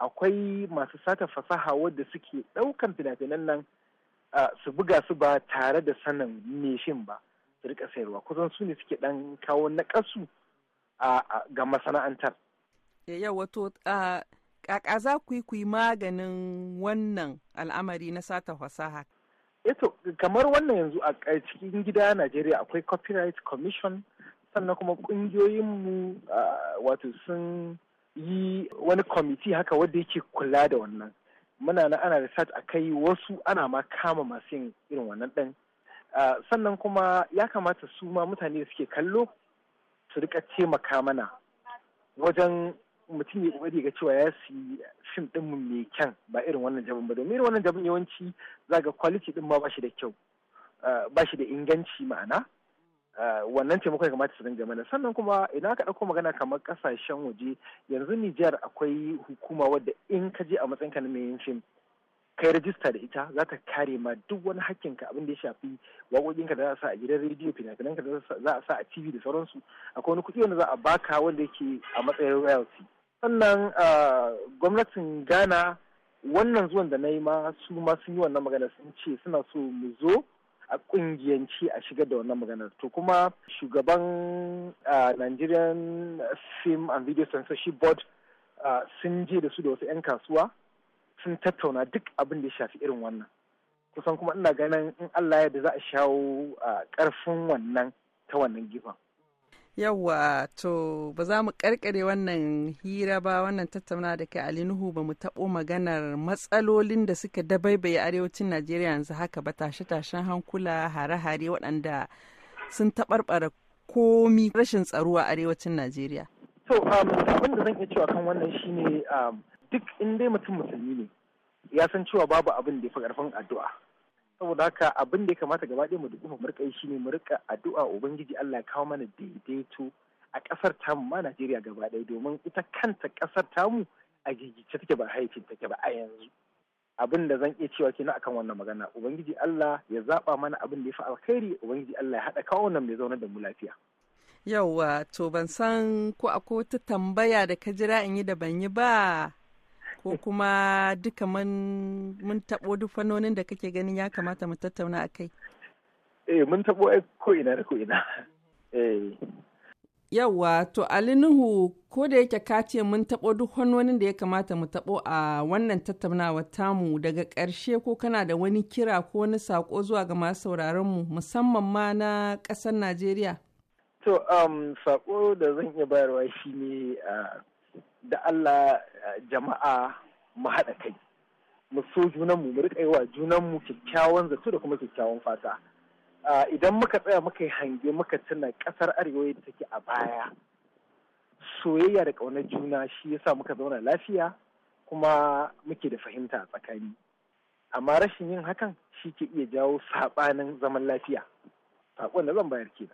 akwai masu sata fasaha wadda suke ɗaukan fina-finan nan su buga su ba tare da sanin meshin ba su rika sayarwa kusan su ne suke ɗan kawo naƙasu ga masana'antar. Eh, yau wato kaka za ku yi ku yi maganin wannan al'amari na sata fasaha. Eto eh kamar wannan yanzu a cikin gida Najeriya akwai copyright commission sannan kuma ƙungiyoyinmu wato sun yi wani kwamiti haka wanda yake kula da wannan muna na ana research a kai wasu ana ma kama masu yin irin wannan ɗin sannan kuma ya kamata su ma mutane da suke kallo su rika taimaka mana wajen mutum ya kokari ga cewa ya siyi fim din mu mai kyan ba irin wannan jabin ba domin irin wannan jabin yawanci ga kwaliti ɗin ma ba shi da kyau ba shi da inganci ma'ana Eh, wannan taimako muka kamata su dinga mana sannan kuma ina aka ɗauko magana kamar kasashen waje yanzu Nijar akwai hukuma wadda in ka je a matsayin ka na mai fim kai rajista da ita za ta kare ma duk wani hakkin ka abin da ya shafi ka da za a sa a gidan rediyo fina ka da za a sa a tv da sauransu akwai wani kuɗi wanda za a baka wanda yake a matsayin royalty sannan eh, gwamnatin ghana wannan zuwan da na yi ma su ma sun yi wannan magana sun ce suna so mu zo a kungiyanci a shiga da wannan maganar to kuma shugaban nigerian film and video censorship board sun je da su da wasu 'yan kasuwa sun tattauna duk abin da ya shafi irin wannan kusan kuma ina ganin in allah ya da za a shawo karfin wannan ta wannan gifan Yawwa to ba za mu karkare wannan hira ba wannan tattauna da kai Ali Nuhu ba mu taɓo maganar matsalolin da suka dabaibaye arewacin Najeriya yanzu haka ba tashe-tashen hankula hare-hare waɗanda sun taɓarɓara komi rashin tsaro a arewacin Najeriya. To um, abin da zan iya cewa kan wannan shine um, duk in dai mutum musulmi ne ya san cewa babu abin da ya fi ƙarfin addu'a. saboda haka abin da ya kamata gaba ɗaya mu duk mu rika yi shine mu rika addu'a ubangiji Allah ya kawo mana daidaito a ƙasar tamu ma Najeriya gaba ɗaya domin ita kanta ƙasar tamu a gigice take ba haifin take ba a yanzu abin da zan iya cewa kenan akan wannan magana ubangiji Allah ya zaba mana abin da ya fi alkhairi ubangiji Allah ya haɗa kawo nan mai zauna da mu lafiya yauwa to ban san ko akwai wata tambaya da ka jira in yi da ban yi ba ko kuma duka mun taɓo duk fannonin da kake ganin ya kamata mu tattauna a kai? Eh, mun taɓo ai ko'ina da ko'ina. Eh. Yawwa, to Ali Nuhu ko da yake ka ce mun taɓo duk fannonin da ya kamata mu taɓo a wannan tattaunawar tamu daga ƙarshe ko kana da wani kira ko wani sako zuwa ga masu mu musamman ma na ƙasar Najeriya? To, um, saƙo da zan iya bayarwa shi ne uh, da Allah jama'a mu haɗa kai mu so junanmu mu riƙa yi wa junanmu kyakkyawan zato da kuma kyakkyawan fata idan muka tsaya muka yi hange muka tuna ƙasar arewa da take a baya soyayya da ƙaunar juna shi yasa muka zauna lafiya kuma muke da fahimta a tsakani amma rashin yin hakan shi ke iya jawo saɓanin zaman lafiya saƙon da zan bayar kenan